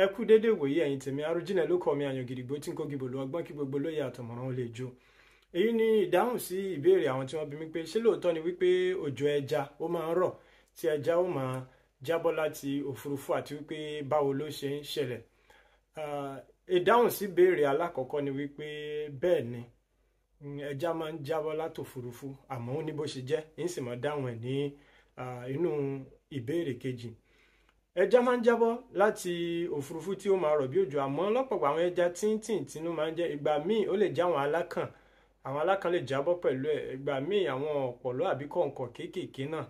ẹ kú dédé wòye ẹ̀yin tèmi arójìnà ló kọ́ mi àyàn gidigbo tí n kó gibò lu kí gbogbo lóye àtọ̀mọ̀ràn ó lè jó èyí ni ìdáhùn sí ìbéèrè àwọn tí wọ́n bi mí pé ṣé lóòótọ́ ni wípé òjò ẹja ó máa ń rọ̀ tí ẹja ó máa jábọ́ láti òfurufú àti wípé báwo ló ṣe ń ṣẹlẹ̀ ìdáhùn sí ìbéèrè alákọ̀ọ́kọ́ ni wípé bẹ́ẹ̀ ni ẹja máa ń jábọ́ látòfurufú àmọ́ ó ní bó ṣe jẹ́ ń dáhùn ẹ̀ ní inú ìbéèrè kejì ẹja máa ń jábọ́ láti òfurufú tí ó máa rọ̀ bí òjò àmọ́ lọ́pọ̀pọ̀ àwọn ẹja tíntìn tínú máa ń jẹ́ ìgbà míì ó lè jẹ́ àwọn alákàn àwọn alákàn lè jábọ́ pẹ̀lú ẹ̀ ìgbà míì àwọn ọ̀pọ̀lọ́ àbí kọ̀ǹkọ̀ kéékèèké náà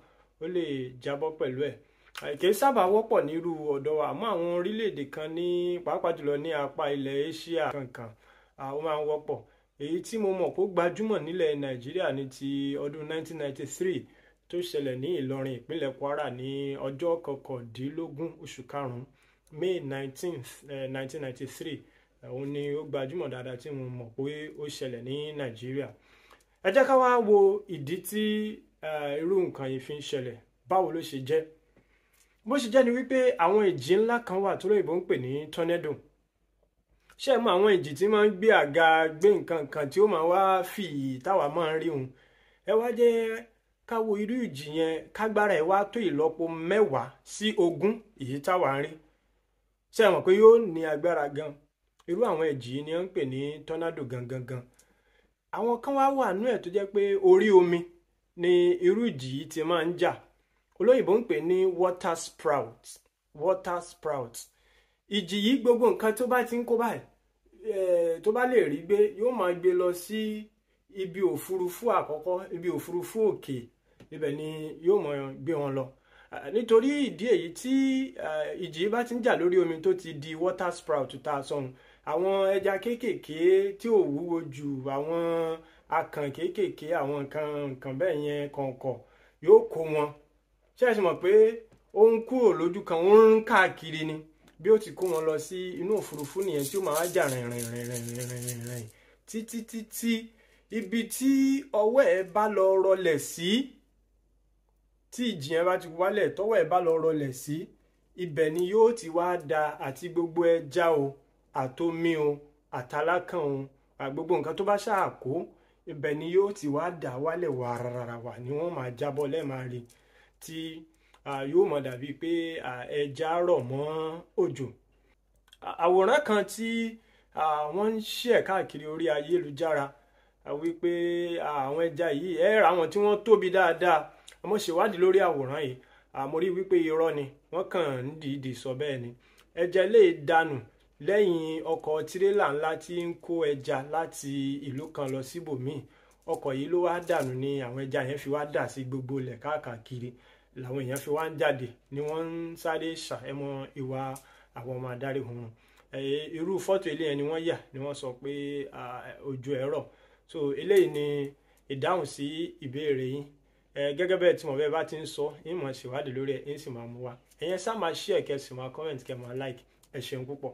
ó lè jábọ́ pẹ̀lú ẹ̀ àìké sábà wọ́pọ̀ nírú ọ̀dọ̀ wa àmọ́ àwọn orílẹ̀ kan ní pàápàá jùlọ ní apá ilẹ̀ Asia kankan ó máa ń wọ́pọ̀ èyí tí mo mọ̀ kó gbajúmọ̀ nílẹ̀ Nàìjíríà ní ti ọdún 1993 tó ṣẹlẹ̀ ní Ìlọrin ìpínlẹ̀ Kwara ní ọjọ́ kọkàndínlógún oṣù karùn-ún May nineteenth nineteen ninety three òun ni ó gbajúmọ̀ dáadáa tí mo mọ̀ pé ó ṣẹlẹ̀ ní Nàìjíríà ẹ jẹ́ ká wá wo ìdí tí irú nǹkan yìí fi ń ṣẹlẹ̀ báwo ló ṣe jẹ́ bó ṣe jẹ́ ni wípé àwọn ìjì ńlá kan wà tó lóyìnbó ń pè ní tornado ṣé ẹ mọ àwọn ìjì tí máa ń gbé àga gbé nǹkan kan tí ó máa wá fì táwa máa ń rí òun ẹ wá jẹ́ ká wo irú ìjì yẹn kágbára ẹ̀ wá tó ìlọ́po mẹ́wàá sí ogún èyí táwa ń rí ṣe mọ̀ pé yóò ní agbára gan irú àwọn ìjì yìí ni wọ́n ń pè ní tọ́nádò gangan gan àwọn kan wá wà nú ẹ̀ tó jẹ́ pé orí omi ni irú ìjì yìí ti máa ń jà olóyìnbó ń pè ní water sprout water sprout ìjì yìí gbogbo nǹkan tó bá ti ń kó báyìí eh, tó bá lè rí gbé yóò máa gbé lọ sí ibi òfurufú àkọ́kọ́ ibi òfurufú òkè ibẹ̀ ni yóò mọ gbé wọn lọ nítorí ìdí èyí tí ìjì bá ti ń jà lórí omi tó ti di water sprout tá a sọhun àwọn ẹja kéékèèké tí ò wúwo jù àwọn akàn kéékèèké àwọn nǹkan nǹkan bẹ́ẹ̀ yẹn kọ̀ọ̀kọ̀ yóò kó wọn ṣé mọ̀ pé ó ń kúrò lójú kan ó ń káàkiri ni bí ó ti kó wọn lọ sí inú òfurufú nìyẹn tí ó máa wá jà rìnrìnrìnrìnrìnrìnrìn títí títí ibi tí ọwọ́ ẹ bá lọ rọlẹ̀ sí. Si tí ìjì yẹn bá ti wálẹ̀ tọ́wọ́ ẹ̀ bá lọ rọlẹ̀ sí ibẹ̀ ni yóò ti wá da àti gbogbo ẹja o àtomi o àtàlákàn o àgbogbo nǹkan tó bá ṣáà kó ibẹ̀ ni yóò ti wá dà wálẹ̀ wàràràwà ni wọ́n máa jábọ́ lẹ́ẹ̀máa rí tí yóò mọ̀ dàbí pé ẹja rọ̀ mọ́ òjò àwòrán kan tí wọ́n ń ṣe káàkiri orí ayélujára wípé àwọn ẹja yìí ẹ ra àwọn tí wọ́n tóbi dáadáa mo ṣèwádìí lórí àwòrán yìí àmọ́ rí wípé irọ́ ni wọ́n kàn ń dìídì sọ bẹ́ẹ̀ ni ẹja lè dànù lẹ́yìn ọkọ̀ tirẹ́là ńlá tí ń kó ẹja láti ìlú kan lọ síbòmíì ọkọ̀ yìí ló wá dànù ni àwọn ẹja yẹn fi wá dà sí gbogbo ilẹ̀ káàkiri làwọn èèyàn fi wá ń jáde ni wọ́n ń sáré ṣàẹmọ ìwà àwọn ọmọ adarí ọ̀hún irú fọ́tò eléyẹn ni wọ́n yà ni wọ́n sọ pé ojú ẹ̀rọ so eléyìí ni ìdáhùn sí ìbéèrè yín gẹ́gẹ́ bẹ́ẹ̀ tí mo bẹ́ẹ̀ bá ti ń sọ yín mọ̀ ṣèwádìí lórí ẹ̀ yín sì máa mú wa ẹ̀yẹn sá máa share kẹ́ sì máa comment kẹ́ máa like ẹ ṣeun púpọ̀.